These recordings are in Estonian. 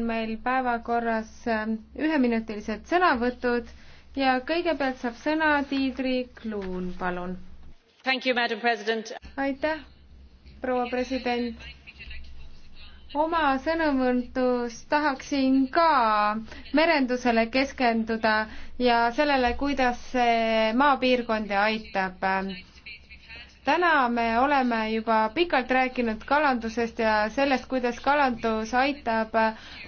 meil päevakorras äh, üheminutilised sõnavõtud ja kõigepealt saab sõna Tiidri Kluun, palun. aitäh, proua president. oma sõnavõtus tahaksin ka merendusele keskenduda ja sellele, kuidas see maapiirkondi aitab täna me oleme juba pikalt rääkinud kalandusest ja sellest, kuidas kalandus aitab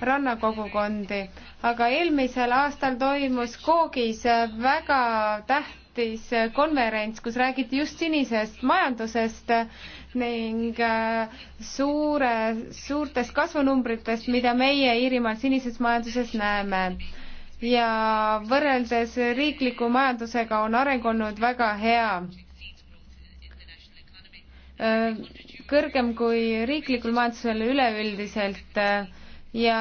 rannakogukondi, aga eelmisel aastal toimus Koogis väga tähtis konverents, kus räägiti just sinisest majandusest ning äh, suure, suurtest kasvunumbritest, mida meie Iirimaal sinises majanduses näeme ja võrreldes riikliku majandusega on areng olnud väga hea Äh, kõrgem kui riiklikul majandusel üleüldiselt äh, ja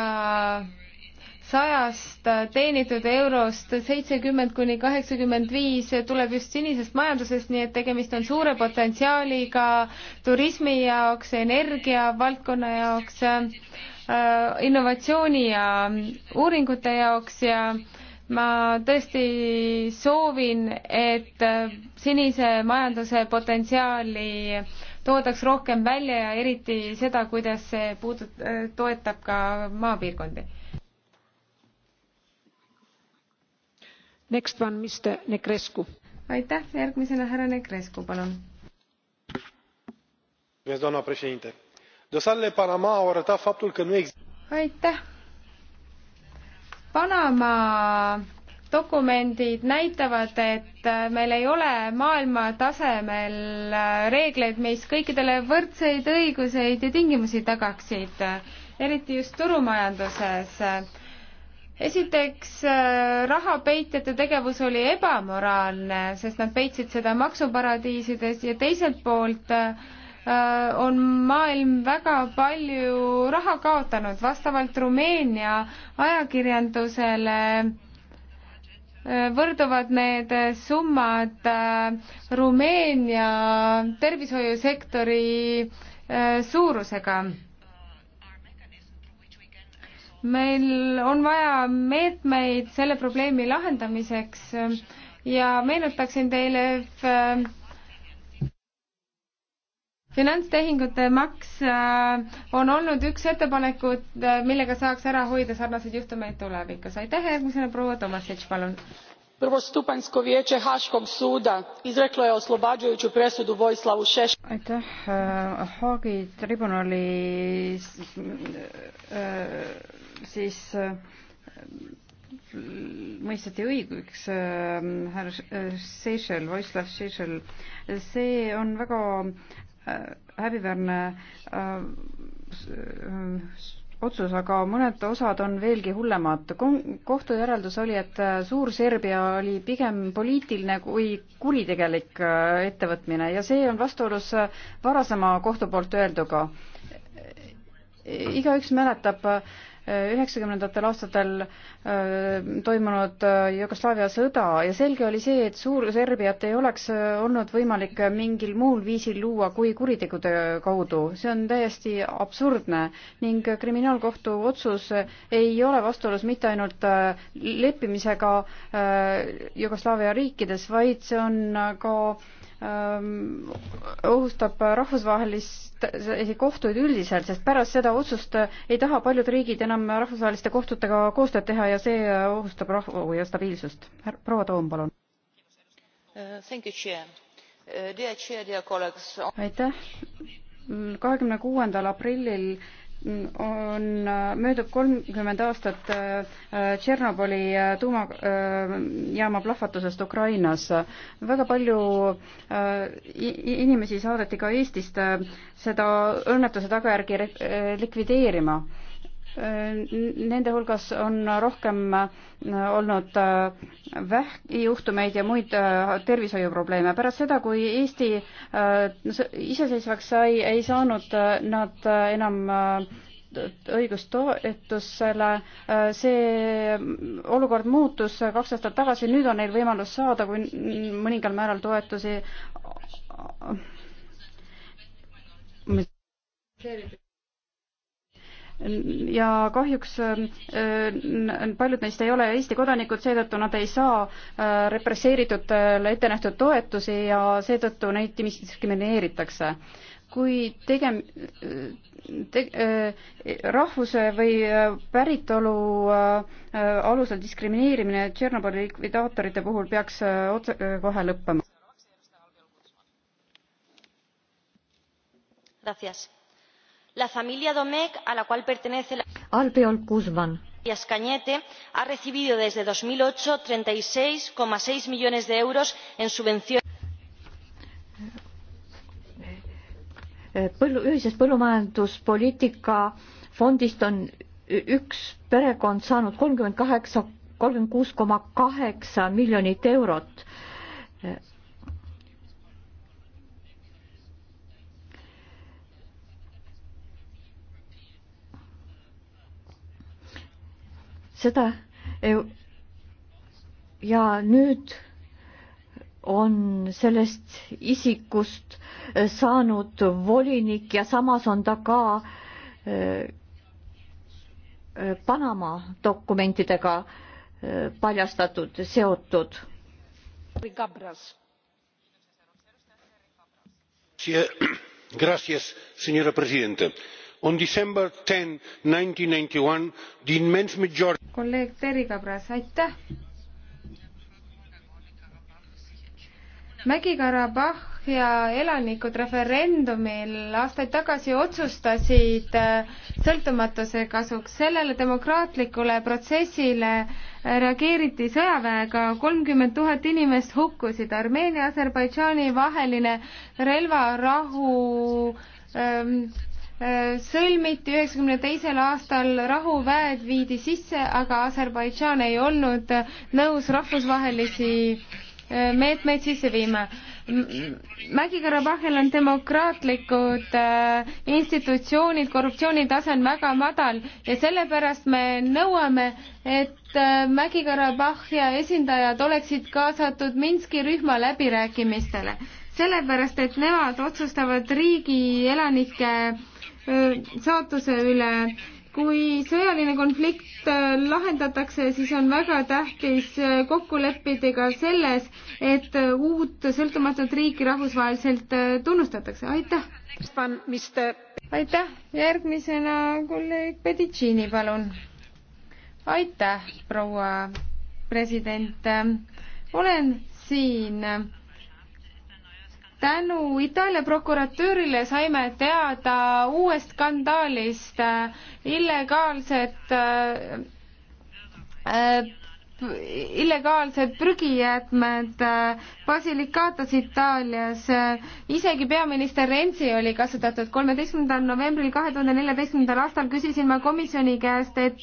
sajast äh, teenitud eurost seitsekümmend kuni kaheksakümmend viis tuleb just sinisest majandusest, nii et tegemist on suure potentsiaaliga turismi jaoks, energia valdkonna jaoks, innovatsiooni ja uuringute jaoks ja ma tõesti soovin, et sinise majanduse potentsiaali toodaks rohkem välja ja eriti seda, kuidas see puudut-, toetab ka maapiirkondi. Next one, Mr Negrescu. aitäh, järgmisena härra Negrescu, palun. doamna președinte, dosarele Panama au arătat faptul că nu există. aitäh. Panama dokumendid näitavad, et meil ei ole maailma tasemel äh, reegleid, mis kõikidele võrdseid õiguseid ja tingimusi tagaksid, eriti just turumajanduses. esiteks, äh, rahapeitjate tegevus oli ebamoraalne, sest nad peitsid seda maksuparadiisides ja teiselt poolt äh, on maailm väga palju raha kaotanud vastavalt Rumeenia ajakirjandusele võrduvad need summad äh, Rumeenia tervishoiusektori äh, suurusega. meil on vaja meetmeid selle probleemi lahendamiseks ja meenutaksin teile äh, finantstehingute maks äh, on olnud üks ettepanekud, äh, millega saaks ära hoida sarnaseid juhtumeid tulevikus. aitäh, järgmisena proua Tomasic, palun. prvostupanjsko vijeće haškog suda izreklo je oslobađajuću presudu Vojislavu Šešelju. aitäh, äh, Haagi tribunali siis mõisteti õigeks härra Seychelles, Vojislav Seychelles. see on väga häbiväärne äh, otsus, aga mõned osad on veelgi hullemad. kohtu järeldus oli, et äh, Suur-Serbia oli pigem poliitiline kui kuritegelik äh, ettevõtmine ja see on vastuolus varasema kohtu poolt öelduga. igaüks mäletab äh, üheksakümnendatel aastatel äh, toimunud äh, Jugoslaavia sõda ja selge oli see, et Suur-Serbiat ei oleks äh, olnud võimalik mingil muul viisil luua kui kuritegude kaudu. see on täiesti absurdne ning kriminaalkohtu otsus ei ole vastuolus mitte ainult leppimisega Jugoslaavia riikides, vaid see on ka Ähm, ohustab rahvusvahelisi kohtuid üldiselt, sest pärast seda otsust äh, ei taha paljud riigid enam rahvusvaheliste kohtutega koostööd teha ja see äh, ohustab rahu ja stabiilsust. proua Toom, palun. Uh, uh, aitäh. kahekümne kuuendal aprillil on, äh, möödub kolmkümmend aastat äh, Tšernobõli äh, tuumajaama plahvatusest Ukrainas. väga palju inimesi saadeti ka Eestist seda õnnetuse tagajärgi likvideerima Nende hulgas on rohkem äh, olnud äh, vähkjuhtumeid ja muid äh, tervishoiuprobleeme. pärast seda, kui Eesti iseseisvaks sai, ei saanud nad enam õigust toetusele. see olukord muutus kaks aastat tagasi, nüüd on neil võimalus saada kui mõningal määral toetusi ja kahjuks äh, paljud neist ei ole Eesti kodanikud, seetõttu nad ei saa äh, represseeritutele ette nähtud toetusi ja seetõttu neid diskrimineeritakse. kui tegem-, te, äh, rahvuse või päritolu alusel diskrimineerimine Tšernobõli likvidaatorite puhul peaks otse, kohe lõppema. Gracias la familia domecq a la cual pertenece la albiol guzmán arias cañete ha recibido desde dos mil ocho treinta y seis seis millones de euros en subvenciones eh, eh, Põllu, ühisest põllumajanduspoliitika fondist on üks perekond saanud kolmkümmend kaheksa, kolmkümmend kuus koma kaheksa miljonit eurot eh, seda ja nüüd on sellest isikust äh, saanud volinik ja samas on ta ka äh, äh, Panama dokumentidega paljastatud, seotud. Gracias, señora presidenta on december 10 1991 the immense majority kolleeg Terri Kabras aitäh Mägi-Karabahhia elanikud referendumil aastaid tagasi otsustasid äh, sõltumatuse kasuks. sellele demokraatlikule protsessile äh, reageeriti sõjaväega, kolmkümmend tuhat inimest hukkusid. Armeenia-Aserbaidžaani vaheline relvarahu ähm, Äh, sõlmiti üheksakümne teisel aastal, rahuväed viidi sisse, aga Aserbaidžaan ei olnud nõus rahvusvahelisi äh, meetmeid sisse viima. Mägi-Karabahhil on demokraatlikud äh, institutsioonid, korruptsioonitase on väga madal ja sellepärast me nõuame, et Mägi-Karabahh ja esindajad oleksid kaasatud Minski rühma läbirääkimistele. sellepärast, et nemad otsustavad riigi elanike saatuse üle. kui sõjaline konflikt äh, lahendatakse, siis on väga tähtis äh, kokku leppida ka selles, et äh, uut sõltumatut riiki rahvusvaheliselt tunnustatakse. aitäh! aitäh, järgmisena kolleeg Pedicini, palun. aitäh, proua president. olen siin tänu Itaalia prokuratuurile saime teada uuest skandaalist äh, illegaalset äh, äh illegaalsed prügijäätmed Basilikatas Itaalias. isegi peaminister Renzi oli kasutatud. kolmeteistkümnendal novembril kahe tuhande neljateistkümnendal aastal küsisin ma komisjoni käest, et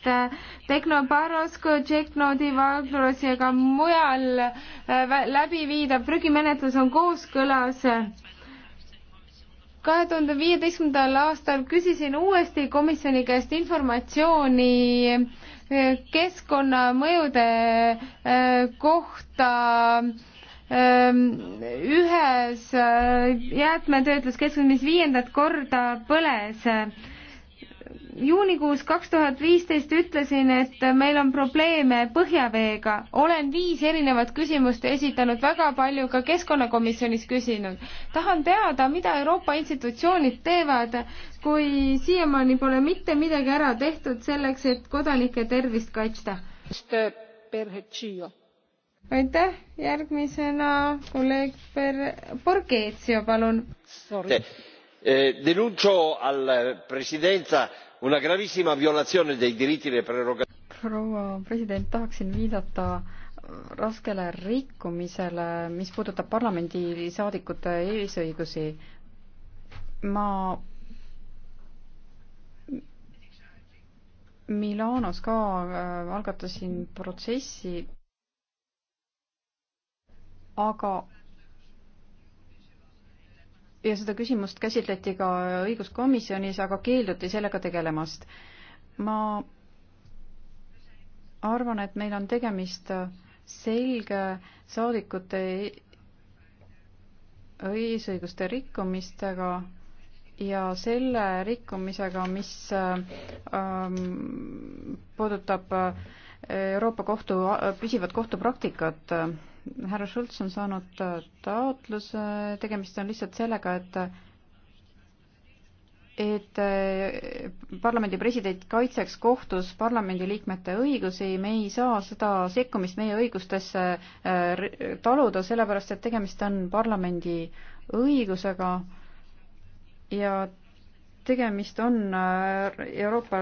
Tehnoparosko, Tšeknodi, Vaglos ja ka mujal äh, läbi viidav prügimenetlus on kooskõlas kahe tuhande viieteistkümnendal aastal küsisin uuesti komisjoni käest informatsiooni äh, keskkonnamõjude äh, kohta ähm, ühes äh, jäätmetöötluskeskuses, mis viiendat korda põles juunikuus kaks tuhat viisteist ütlesin, et meil on probleeme põhjaveega. olen viis erinevat küsimust esitanud, väga palju ka keskkonnakomisjonis küsinud. tahan teada, mida Euroopa institutsioonid teevad kui siiamaani pole mitte midagi ära tehtud selleks, et kodanike tervist kaitsta. aitäh, järgmisena kolleeg Per-, Borghezio, palun. Eh, denuncio al presidenza una gravissima violazione dei diritti dei prerogatiivi. proua president, tahaksin viidata raskele rikkumisele, mis puudutab parlamendisaadikute eesõigusi. ma Milanos ka äh, algatasin protsessi, aga ja seda küsimust käsitleti ka õiguskomisjonis, aga keelduti sellega tegelemast. ma arvan, et meil on tegemist selge saadikute eesõiguste rikkumistega ja selle rikkumisega, mis ähm, puudutab äh, Euroopa Kohtu äh, püsivat kohtupraktikat, äh, härra Schultz on saanud taotluse, tegemist on lihtsalt sellega, et et parlamendi president kaitseks kohtus parlamendiliikmete õigusi, me ei saa seda sekkumist meie õigustesse taluda, sellepärast et tegemist on parlamendi õigusega ja tegemist on äh, Euroopa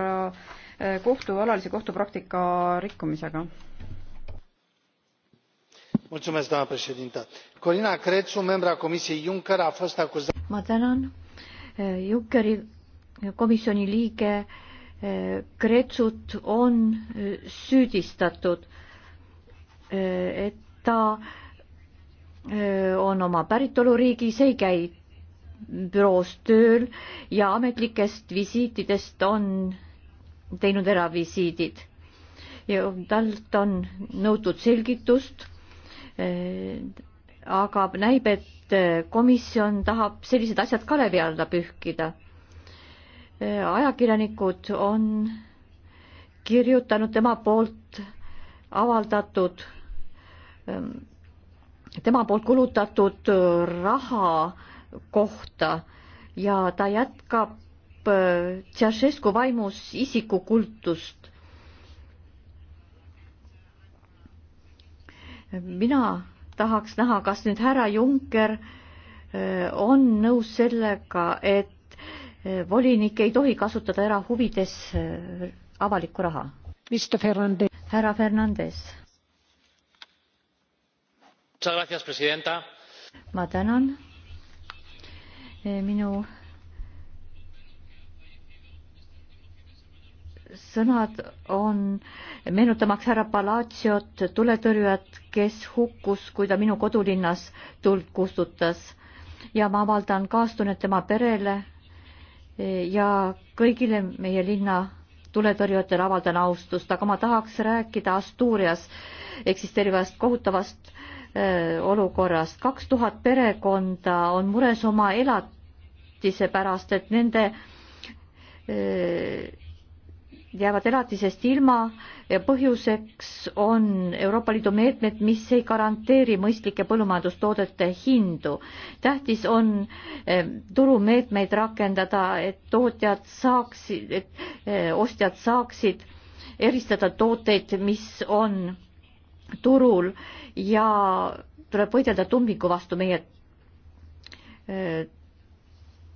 äh, kohtu, alalise kohtupraktika rikkumisega. doamnă președintă corina crețu membră a comisiei juncker a fost acuzată. ma tänan e, junckeri komisjoni e, liige e, crețut on süüdistatud et ta on oma päritoluriigis ei käi büroos tööl ja ametlikest visiitidest on teinud eravisiidid ja talt on nõutud selgitust. Eh, aga näib, et eh, komisjon tahab sellised asjad ka läbi alla pühkida. Eh, ajakirjanikud on kirjutanud tema poolt avaldatud, tema poolt kulutatud raha äh, kohta ja ta jätkab Tšašesku äh, vaimus isikukultust. mina tahaks näha, kas nüüd härra Juncker äh, on nõus sellega, et äh, volinik ei tohi kasutada erahuvides avalikku raha. härra Fernandes. ma tänan minu sõnad on meenutamaks härra Palatsiot, tuletõrjujat, kes hukkus, kui ta minu kodulinnas tuld kustutas ja ma avaldan kaastunnet tema perele ja kõigile meie linna tuletõrjujatele avaldan austust, aga ma tahaks rääkida Asturias eksisteerivast kohutavast Äh, olukorrast. kaks tuhat perekonda on mures oma elatise pärast, et nende äh, jäävad elatisest ilma ja põhjuseks on Euroopa Liidu meetmed, mis ei garanteeri mõistlike põllumajandustoodete hindu. tähtis on äh, turumeetmeid rakendada, et tootjad saaksid, et ostjad saaksid eristada tooteid, mis on turul ja tuleb võidelda tummiku vastu meie eh,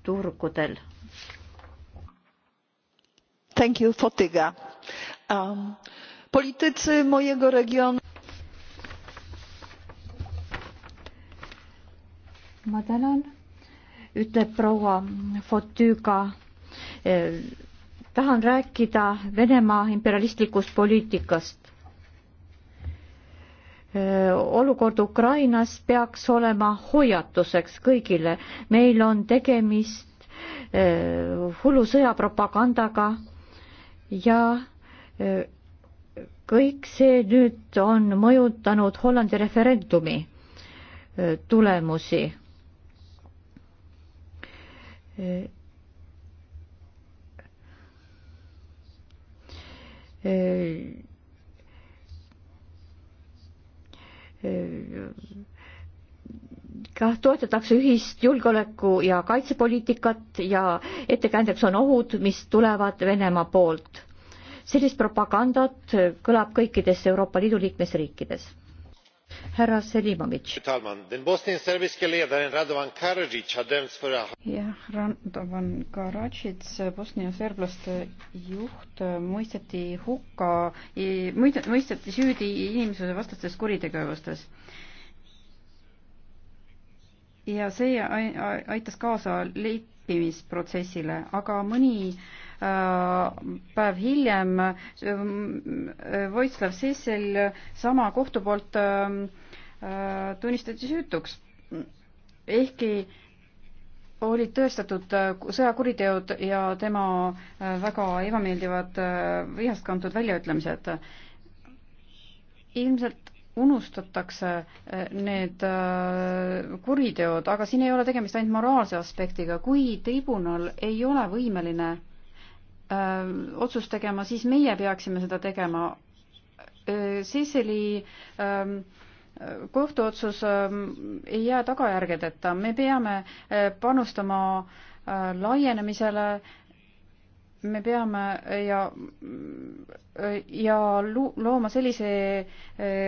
turgudel. Thank you, Fotiga um,. politycy mojego regionu. ma tänan, ütleb proua Fotiga eh,. tahan rääkida Venemaa imperialistlikust poliitikast olukord Ukrainas peaks olema hoiatuseks kõigile. meil on tegemist eh, hullusõja propagandaga ja eh, kõik see nüüd on mõjutanud Hollandi referendumi eh, tulemusi. Uh kah toetatakse ühist julgeoleku ja kaitsepoliitikat ja ettekäändeks on ohud, mis tulevad Venemaa poolt. sellist propagandat kõlab kõikides Euroopa Liidu liikmesriikides härra Selimovitš. jah, Radovan Karadžits, Bosnia serblaste juht, mõisteti hukka, mõisteti süüdi inimsusevastastes kuritegevustes ja see aitas kaasa leppimisprotsessile, aga mõni äh, päev hiljem Voitslav ähm, Sessel sama kohtu poolt äh, tunnistati süütuks. ehkki olid tõestatud sõjakuriteod ja tema äh, väga ebameeldivad äh, vihast kantud väljaütlemised. ilmselt unustatakse äh, need kuriteod, aga siin ei ole tegemist ainult moraalse aspektiga, kui tribunal ei ole võimeline öö, otsust tegema, siis meie peaksime seda tegema. Siseli öö, ähm, kohtuotsus ähm, ei jää tagajärgedeta, me peame äh, panustama äh, laienemisele, me peame äh, ja, ja looma sellise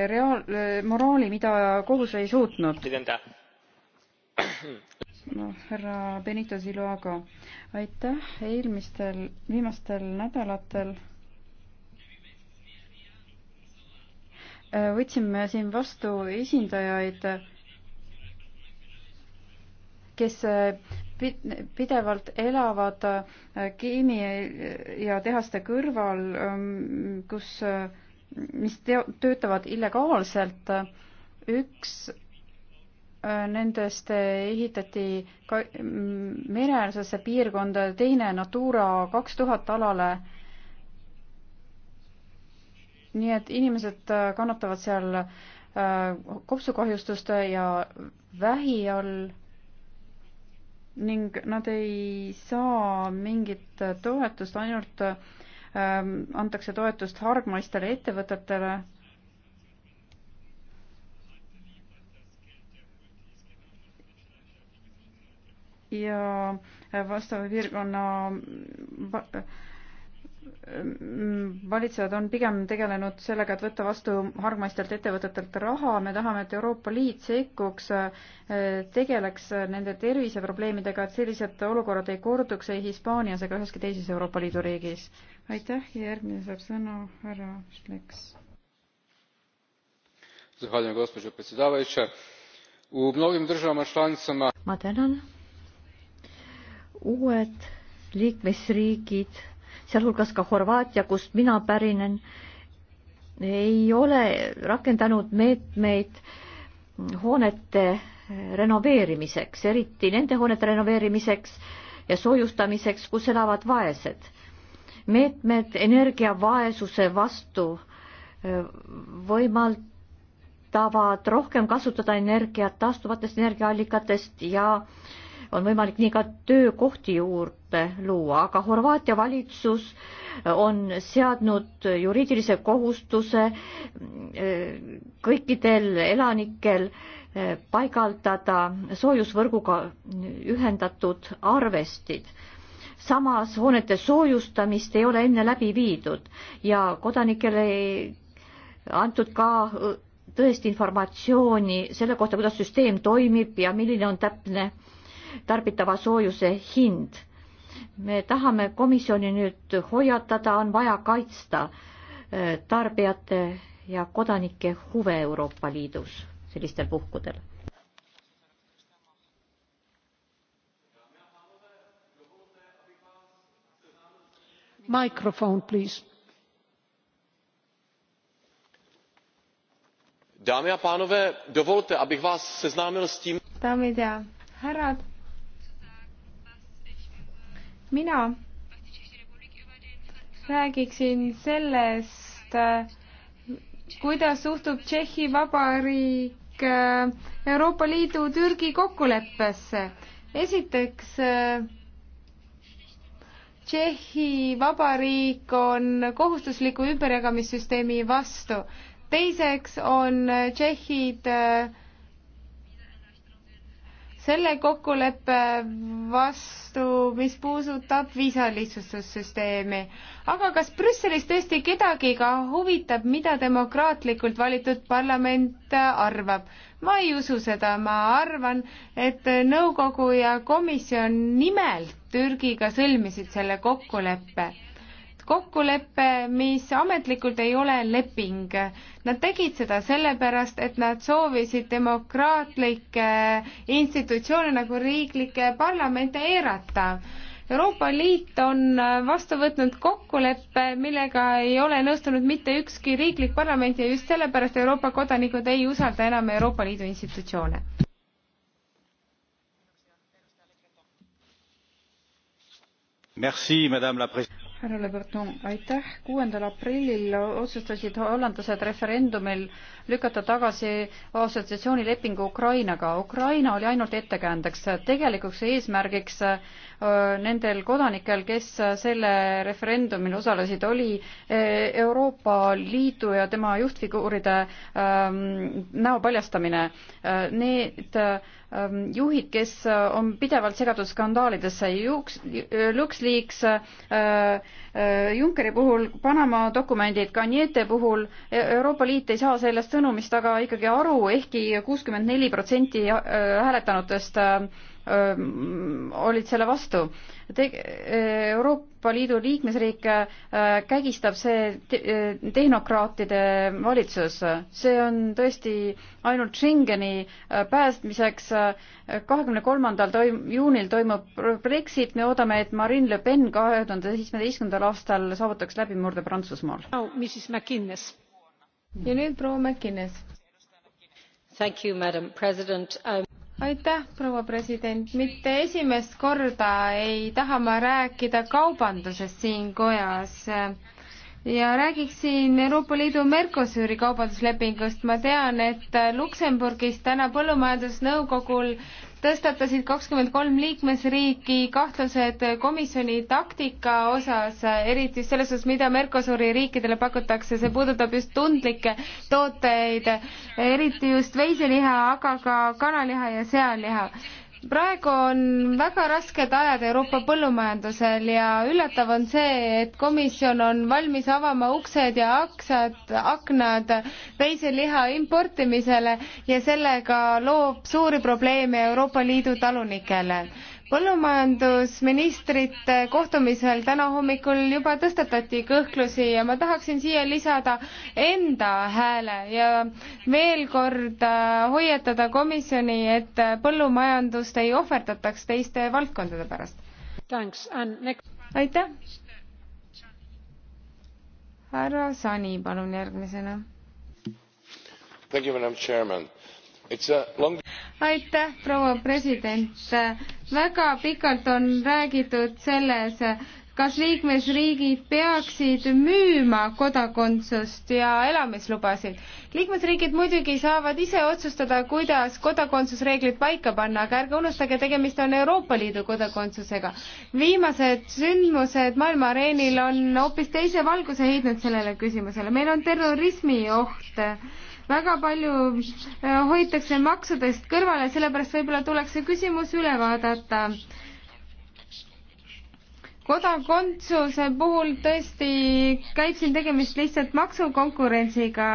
reaal-, moraali, mida kohus ei suutnud. noh, härra Benito Siloaga, aitäh eelmistel, viimastel nädalatel võtsime siin vastu esindajaid, kes äh, pidevalt elavad äh, keemia- ja tehaste kõrval, ähm, kus, äh, mis teo-, töötavad illegaalselt. üks nendest ehitati ka mm, mereäärsesse piirkonda ja teine Natura kaks tuhat alale nii et inimesed äh, kannatavad seal äh, kopsukahjustuste ja vähi all ning nad ei saa mingit toetust, ainult äh, antakse toetust hargmaistele ettevõtetele. ja vastava piirkonna valitsejad on pigem tegelenud sellega, et võtta vastu hargmaistelt ettevõtetelt raha, me tahame, et Euroopa Liit sekkuks, tegeleks nende terviseprobleemidega, et sellised olukorrad ei korduks ei Hispaanias ega üheski teises Euroopa Liidu riigis. aitäh ja järgmine saab sõna härra Šleks. ma tänan. uued liikmesriigid sealhulgas ka Horvaatia, kust mina pärinen, ei ole rakendanud meetmeid hoonete renoveerimiseks, eriti nende hoonete renoveerimiseks ja soojustamiseks, kus elavad vaesed. meetmed energiavaesuse vastu e, võimaldavad rohkem kasutada energiat taastuvatest energiaallikatest ja äh, on võimalik nii ka töökohti juurde luua, aga Horvaatia valitsus on seadnud juriidilise kohustuse äh, kõikidel elanikel äh, paigaldada soojusvõrguga ühendatud arvestid samas hoonete soojustamist ei ole enne läbi viidud ja kodanikele ei antud ka äh, tõesti informatsiooni selle kohta, kuidas süsteem toimib ja milline on täpne tarbitava soojuse hind. me tahame komisjoni nüüd hoiatada, on vaja kaitsta eh, tarbijate ja kodanike huve Euroopa Liidus sellistel puhkudel. mikrofon, please. dámy a pánové dovolte abych vás seznámil s tím mina räägiksin sellest, kuidas suhtub Tšehhi Vabariik äh, Euroopa Liidu Türgi kokkuleppesse. esiteks, äh, Tšehhi Vabariik on kohustusliku ümberjagamissüsteemi vastu. teiseks on Tšehhid äh, selle kokkuleppe vastu, mis puudutab viisalihtsustussüsteemi. aga kas Brüsselis tõesti kedagi ka huvitab, mida demokraatlikult valitud parlament arvab? ma ei usu seda, ma arvan, et nõukogu ja komisjon nimelt Türgiga sõlmisid selle kokkuleppe kokkulepe, mis ametlikult ei ole leping. Nad tegid seda sellepärast, et nad soovisid demokraatlikke institutsioone nagu riiklikke parlamente eirata. Euroopa Liit on vastu võtnud kokkuleppe, millega ei ole nõustunud mitte ükski riiklik parlament ja just sellepärast Euroopa kodanikud ei usalda enam Euroopa Liidu institutsioone. Merci, madame la president härra Le Breton, aitäh. kuuendal aprillil otsustasid hollandlased referendumil lükata tagasi assotsiatsioonilepingu Ukrainaga. Ukraina oli ainult ettekäändeks. tegelikuks eesmärgiks äh, nendel kodanikel, kes selle referendumil osalesid, oli äh, Euroopa Liidu ja tema juhtfiguuride ähm, näo paljastamine. Äh, need Ähm, juhid, kes äh, on pidevalt segatud skandaalidesse, Juks-, LuxLeaks äh, äh,, Junckeri puhul, Panama dokumendid, Kaniete puhul, e-, Euroopa Liit ei saa sellest sõnumist aga ikkagi aru ehkki, ehkki kuuskümmend neli protsenti äh, hääletanutest äh, olid selle vastu. Te-, Euroopa Liidu liikmesriike kägistab see te-, tehnokraatide valitsus. see on tõesti ainult Schengeni päästmiseks. kahekümne kolmandal toim-, juunil toimub Brexit, me oodame, et Marine Le Pen kahe tuhande seitsmeteistkümnendal aastal saavutaks läbimurde Prantsusmaal no,. ja nüüd proua McInnes. You, madam president um aitäh, proua president, mitte esimest korda ei taha ma rääkida kaubandusest siin kojas ja räägiksin Euroopa Liidu Mercosuri kaubanduslepingust. ma tean, et Luksemburgis täna põllumajandusnõukogul tõstatasid kakskümmend kolm liikmesriiki kahtlused komisjoni taktika osas, eriti selles osas, mida Mercosuri riikidele pakutakse, see puudutab just tundlikke tooteid, eriti just veiseliha, aga ka kanaliha ja sealiha praegu on väga rasked ajad Euroopa põllumajandusel ja üllatav on see, et komisjon on valmis avama uksed ja aksad, aknad veiseliha importimisele ja sellega loob suuri probleeme Euroopa Liidu talunikele põllumajandusministrite kohtumisel täna hommikul juba tõstatati kõhklusi ja ma tahaksin siia lisada enda hääle ja veel kord äh, hoiatada komisjoni, et põllumajandust ei ohverdataks teiste valdkondade pärast. aitäh. härra Sani, palun järgmisena. aitäh, proua president väga pikalt on räägitud selles, kas liikmesriigid peaksid müüma kodakondsust ja elamislubasid. liikmesriigid muidugi saavad ise otsustada, kuidas kodakondsusreeglid paika panna, aga ärge unustage, tegemist on Euroopa Liidu kodakondsusega. viimased sündmused maailma areenil on hoopis teise valguse heitnud sellele küsimusele. meil on terrorismioht väga palju äh, hoitakse maksudest kõrvale, sellepärast võib-olla tuleks see küsimus üle vaadata. kodakondsuse puhul tõesti käib siin tegemist lihtsalt maksukonkurentsiga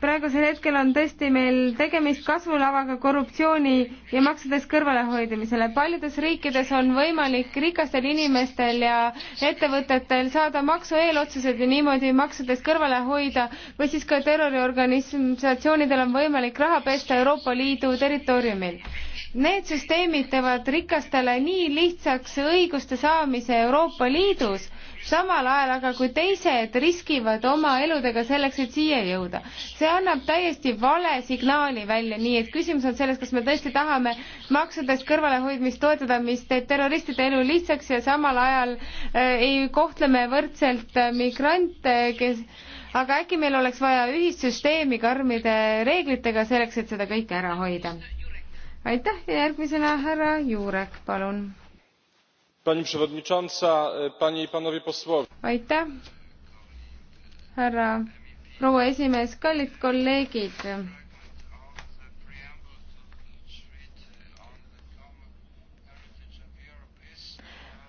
praegusel hetkel on tõesti meil tegemist kasvulavaga korruptsiooni ja maksudest kõrvalehoidmisele. paljudes riikides on võimalik rikastel inimestel ja ettevõtetel saada maksu eelotsused ja niimoodi maksudest kõrvale hoida või siis ka terroriorganisatsioonidel on võimalik raha pesta Euroopa Liidu territooriumil. Need süsteemid teevad rikastele nii lihtsaks õiguste saamise Euroopa Liidus samal ajal aga kui teised riskivad oma eludega selleks, et siia jõuda. see annab täiesti vale signaali välja, nii et küsimus on selles, kas me tõesti tahame maksudest kõrvalehoidmist toetada, mis teeb terroristide elu lihtsaks ja samal ajal äh, ei kohtle me võrdselt äh, migrante, kes aga äkki meil oleks vaja ühist süsteemi karmide reeglitega selleks, et seda kõike ära hoida. aitäh ja järgmisena härra Juurek, palun aitäh härra proua esimees kallid kolleegid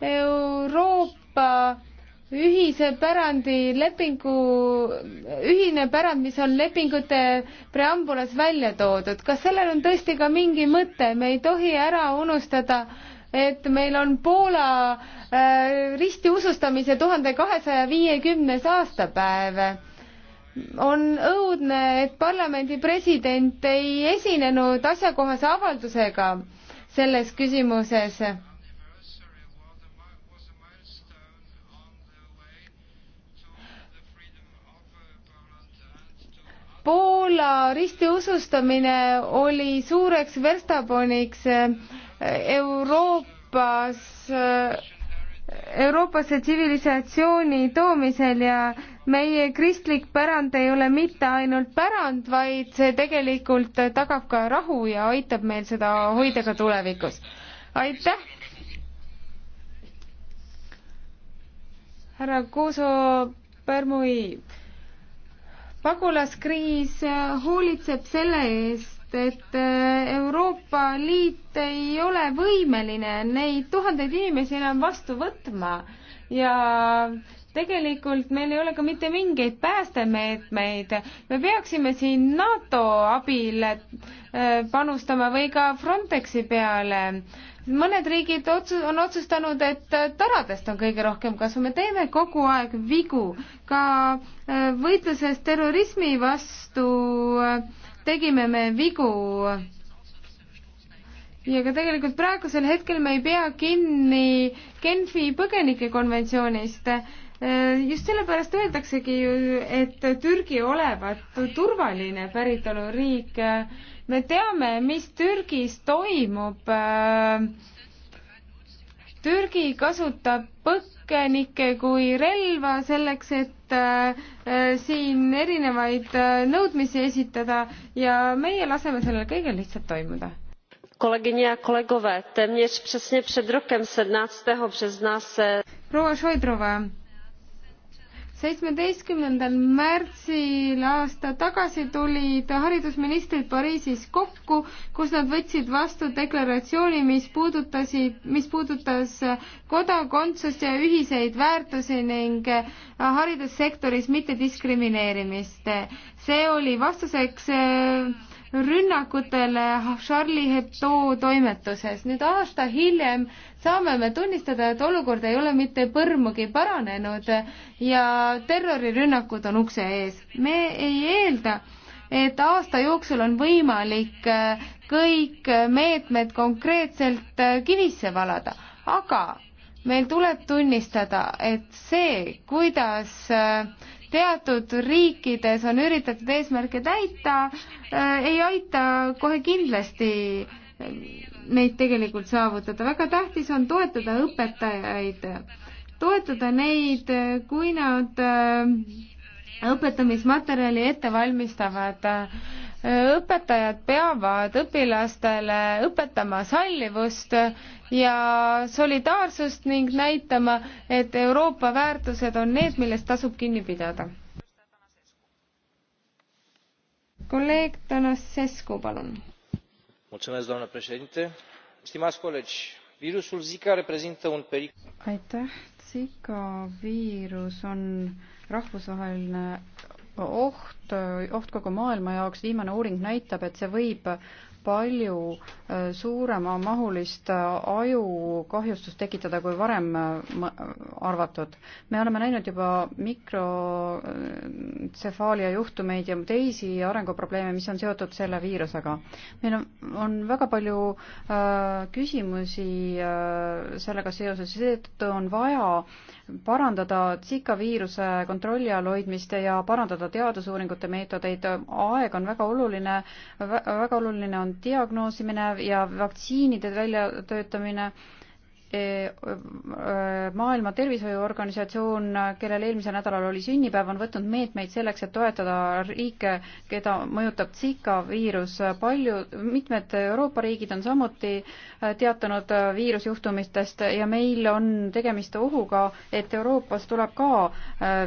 euroopa ühise pärandi lepingu, ühine pärand, mis on lepingute preambulas välja toodud, kas sellel on tõesti ka mingi mõte, me ei tohi ära unustada äh, et meil on Poola äh, ristiusustamise tuhande kahesaja viiekümnes aastapäev on õudne, et parlamendi president ei esinenud asjakohase avaldusega selles küsimuses. Pool Paula ristiusustamine oli suureks verstaponiks eh, Euroopas, eh, Euroopasse tsivilisatsiooni toomisel ja meie kristlik pärand ei ole mitte ainult pärand, vaid see tegelikult tagab ka rahu ja aitab meil seda hoida ka tulevikus. aitäh! härra Kuuso Pärmui pagulaskriis äh, hoolitseb selle eest, et äh, Euroopa Liit ei ole võimeline neid tuhandeid inimesi enam vastu võtma ja tegelikult meil ei ole ka mitte mingeid päästemeetmeid. me peaksime siin NATO abile äh, panustama või ka Frontexi peale mõned riigid otsu-, on otsustanud, et äh, taradest on kõige rohkem kasu, me teeme kogu aeg vigu, ka äh, võitluses terrorismi vastu äh, tegime me vigu. ja ka tegelikult praegusel hetkel me ei pea kinni Genfi põgenikekonventsioonist Äh, just sellepärast öeldaksegi ju, et Türgi olevat turvaline päritoluriik. me teame, mis Türgis toimub. Äh, Türgi kasutab põgenikke kui relva selleks, et äh, siin erinevaid nõudmisi esitada ja meie laseme sellel kõigel lihtsalt toimuda kolegyně a kolegové téměř přesně před rokem. seventeen března se seitsmeteistkümnendal märtsil aasta tagasi tulid haridusministrid Pariisis kokku, kus nad võtsid vastu deklaratsiooni, mis puudutasid, mis puudutas kodakondsust ja ühiseid väärtusi ning haridussektoris mittediskrimineerimist. see oli vastuseks äh, rünnakutele Charlie Hebdo toimetuses. nüüd aasta hiljem saame me tunnistada, et olukord ei ole mitte põrmugi paranenud ja terrorirünnakud on ukse ees. me ei eelda, et aasta jooksul on võimalik äh, kõik meetmed konkreetselt äh, kivisse valada, aga meil tuleb tunnistada, et see, kuidas äh, teatud riikides on üritatud eesmärke täita, äh, ei aita kohe kindlasti äh, neid tegelikult saavutada. väga tähtis on toetada õpetajaid, toetada neid, kui nad äh, õpetamismaterjali ette valmistavad õpetajad peavad õpilastele õpetama sallivust ja solidaarsust ning näitama, et Euroopa väärtused on need, millest tasub kinni pidada. kolleeg Tanasescu, palun. doamnă președinte, stimați colegi, virusul Zika reprezintă un pericol. aitäh, Zika viirus on rahvusvaheline oht, oht kogu maailma jaoks, viimane uuring näitab, et see võib palju äh, suurema mahulist äh, ajukahjustust tekitada, kui varem äh, arvatud. me oleme näinud juba mikrotsefaalia juhtumeid ja teisi arenguprobleeme, mis on seotud selle viirusega. meil on, on väga palju äh, küsimusi äh, sellega seoses, seetõttu on vaja parandada Zika viiruse kontrolli all hoidmist ja parandada teadusuuringute meetodeid, aeg on väga oluline, väga oluline on on diagnoosimine ja vaktsiinide väljatöötamine. E, e, maailma Tervishoiuorganisatsioon, kellel eelmisel nädalal oli sünnipäev, on võtnud meetmeid selleks, et toetada riike, keda mõjutab Zika viirus. palju, mitmed Euroopa riigid on samuti e, teatanud viirusjuhtumistest ja meil on tegemist ohuga, et Euroopas tuleb ka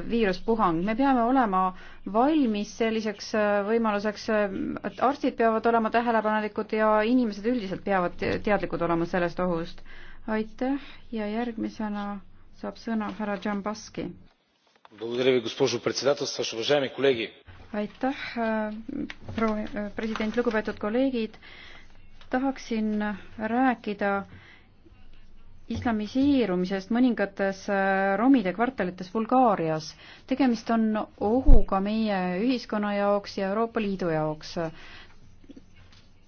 viiruspuhang. me peame olema äh, valmis selliseks äh, võimaluseks, äh, et arstid peavad olema tähelepanelikud ja inimesed üldiselt peavad teadlikud olema sellest ohust. aitäh ja järgmisena saab sõna härra Džambaski. aitäh, äh, proua president, lugupeetud kolleegid, tahaksin rääkida islamiseerumisest mõningates äh, romide kvartalites Bulgaarias. tegemist on ohuga meie ühiskonna jaoks ja Euroopa Liidu jaoks.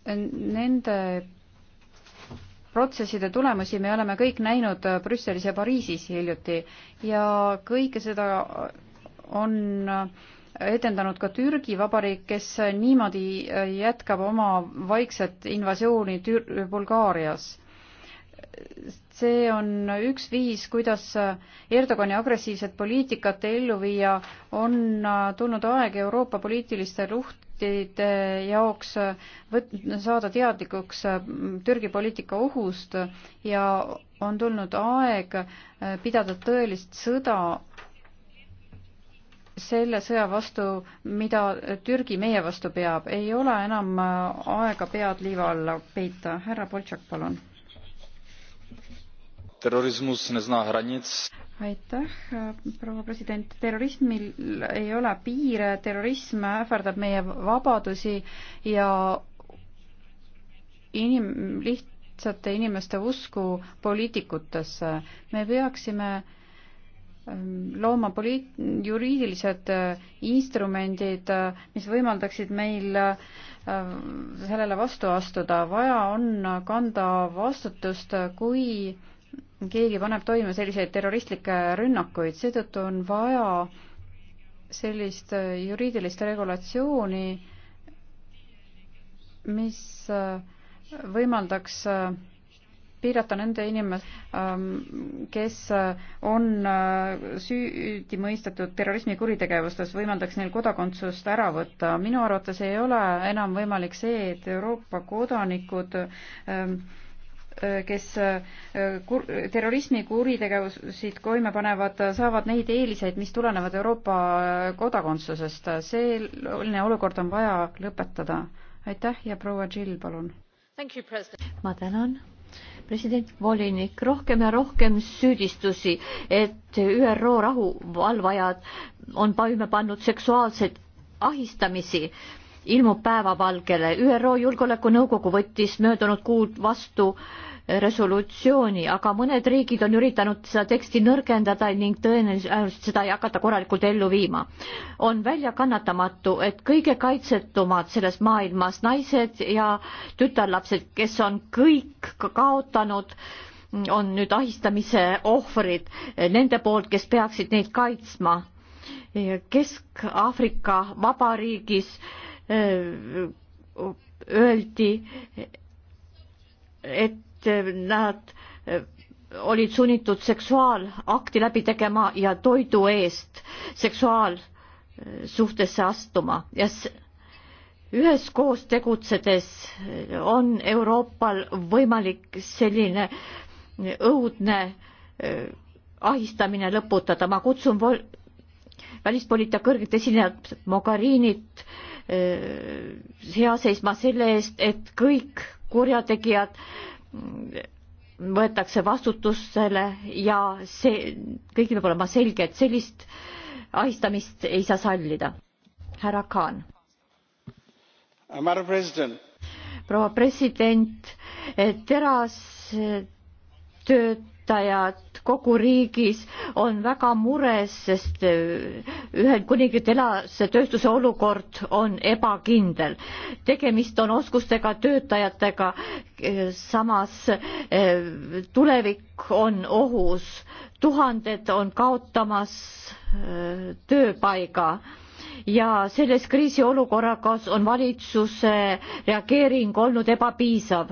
Nende protsesside tulemusi me oleme kõik näinud äh, Brüsselis ja Pariisis hiljuti ja kõike seda on äh, etendanud ka Türgi Vabariik, kes niimoodi jätkab oma vaikset invasiooni Tür-, Bulgaarias see on üks viis, kuidas Erdogani agressiivset poliitikat ellu viia, on tulnud aeg Euroopa poliitiliste luhtide jaoks võt-, saada teadlikuks Türgi poliitika ohust ja on tulnud aeg pidada tõelist sõda selle sõja vastu, mida Türgi meie vastu peab, ei ole enam aega pead liiva alla peita. härra Boltšak, palun terrorismus nezná hranic. aitäh, proua president, terrorismil ei ole piire, terrorism ähvardab meie vabadusi ja inim-, lihtsate inimeste usku poliitikutesse. me peaksime ähm, looma poliit-, juriidilised äh, instrumendid, äh, mis võimaldaksid meil äh, sellele vastu astuda. vaja on kanda vastutust, kui keegi paneb toime selliseid terroristlikke rünnakuid, seetõttu on vaja sellist äh, juriidilist regulatsiooni, mis äh, võimaldaks äh, piirata nende inimes-, ähm, kes on süüdi mõistetud terrorismikuritegevustes, võimaldaks neil kodakondsust ära võtta. minu arvates ei ole enam võimalik see, et Euroopa kodanikud ähm, Äh, kes äh, kur-, terrorismikuritegevusid toime panevad, saavad neid eeliseid, mis tulenevad Euroopa äh, kodakondsusest. selline olukord on vaja lõpetada. aitäh ja proua Jill, palun. ma tänan. president volinik, rohkem ja rohkem süüdistusi, et ÜRO rahuvalvajad on paime pannud seksuaalseid ahistamisi ilmub päevavalgele. ÜRO Julgeolekunõukogu võttis möödunud kuud vastu eh, resolutsiooni, aga mõned riigid on üritanud seda teksti nõrgendada ning tõenäoliselt seda ei hakata korralikult ellu viima. on väljakannatamatu, et kõige kaitsetumad selles maailmas naised ja tütarlapsed, kes on kõik kaotanud, on nüüd ahistamise ohvrid eh, nende poolt, kes peaksid neid kaitsma. Eh, Kesk-Aafrika Vabariigis äh, öeldi, et nad olid sunnitud seksuaalakti läbi tegema ja toidu eest seksuaalsuhtesse astuma ja üheskoos tegutsedes on Euroopal võimalik selline õudne ahistamine lõputada. ma kutsun välispoliitika kõrget esinejat Mogherinit hea seisma selle eest, et kõik kurjategijad võetakse vastutusele ja see, kõigil peab olema selge, et sellist ahistamist ei saa sallida. härra Khan. Uh, proua president, eh, terastöötajad eh, kogu riigis on väga mures, sest äh, Ühendkuningriigi telasetööstuse olukord on ebakindel. tegemist on oskustega töötajatega, äh, samas äh, tulevik on ohus, tuhanded on kaotamas tööpaiga ja selles kriisiolukorras on valitsuse reageering olnud ebapiisav.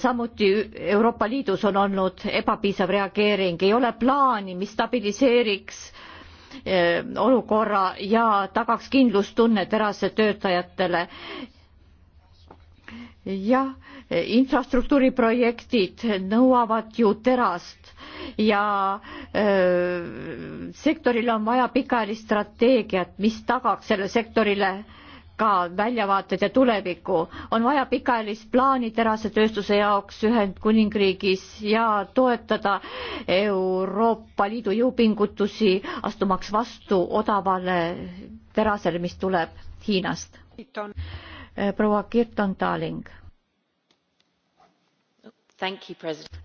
samuti Euroopa Liidus on olnud ebapiisav reageering, ei ole plaani, mis stabiliseeriks eh, olukorra ja tagaks kindlustunne terase töötajatele jah, e, infrastruktuuriprojektid nõuavad ju terast ja öö, e, sektoril on vaja pikaajalist strateegiat, mis tagaks selle sektorile ka väljavaated ja tuleviku. on vaja pikaajalist plaani terasetööstuse jaoks Ühendkuningriigis ja toetada Euroopa Liidu jõupingutusi, astumaks vastu odavale terasele, mis tuleb Hiinast Eh, proua Kirton Darling.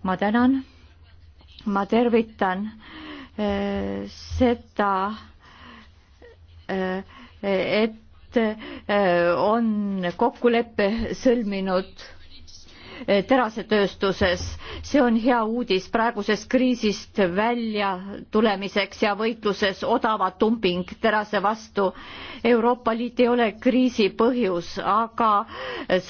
ma tänan, ma tervitan eh, seda, eh, et on kokkuleppe sõlminud Eh, terasetööstuses. see on hea uudis praegusest kriisist välja tulemiseks ja võitluses odava dumping terase vastu. Euroopa Liit ei ole kriisi põhjus, aga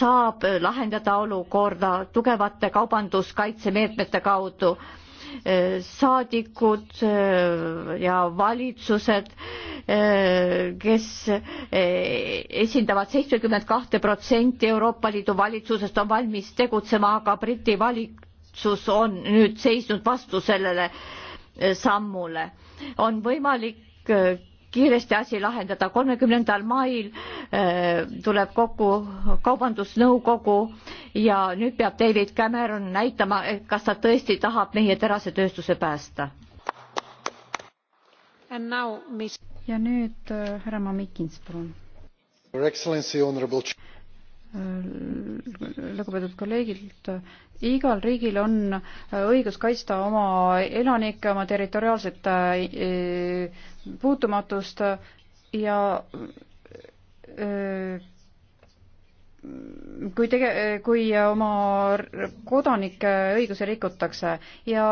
saab lahendada olukorda tugevate kaubanduskaitsemeetmete kaudu saadikud äh, ja valitsused, äh, kes äh, esindavad seitsmekümmet kahte protsenti Euroopa Liidu valitsusest, on valmis tegutsema, aga Briti valitsus on nüüd seisnud vastu sellele sammule. on võimalik kiiresti asi lahendada. kolmekümnendal mail äh, tuleb kokku kaubandusnõukogu ja nüüd peab David Cameron näitama, et kas ta tõesti tahab meie terasetööstuse päästa. ja nüüd äh, härra Mamikins, palun. Äh, lugupeetud kolleegid igal riigil on äh, õigus kaitsta oma elanikke, oma territoriaalset äh, puutumatust ja äh, kui tege-, kui oma kodanike õigusi rikutakse ja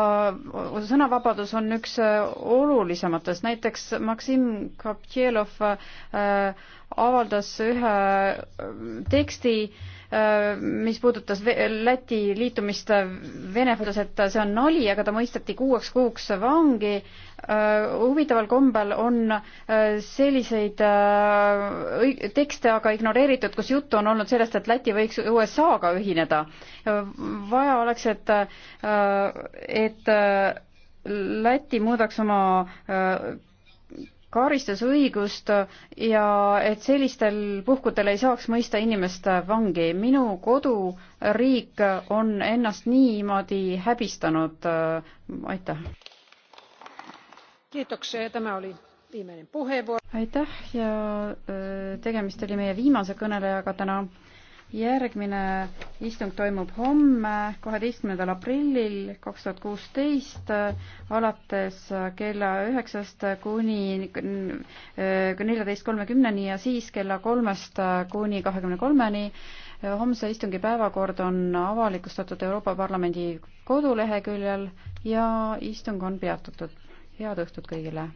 sõnavabadus on üks olulisematest, näiteks Maksim Kaptjelov avaldas ühe teksti äh, Äh, mis puudutas Läti liitumist äh, Vene Föderatsiooniga, et see on nali, aga ta mõisteti kuueks kuuks vangi. Äh, huvitaval kombel on selliseid tekste aga ignoreeritud, kus juttu on olnud sellest, et Läti võiks USA-ga ühineda. vaja oleks, et, et Läti muudaks oma karistusõigust ja et sellistel puhkudel ei saaks mõista inimest vangi. minu koduriik on ennast niimoodi häbistanud. aitäh. aitäh ja äh, tegemist oli meie viimase kõnelejaga täna järgmine istung toimub homme, kaheteistkümnendal aprillil kaks tuhat kuusteist alates kella üheksast kuni äh, neljateist kolmekümneni ja siis kella kolmest kuni kahekümne kolmeni. homse istungi päevakord on avalikustatud Euroopa Parlamendi koduleheküljel ja istung on peatatud. head õhtut kõigile!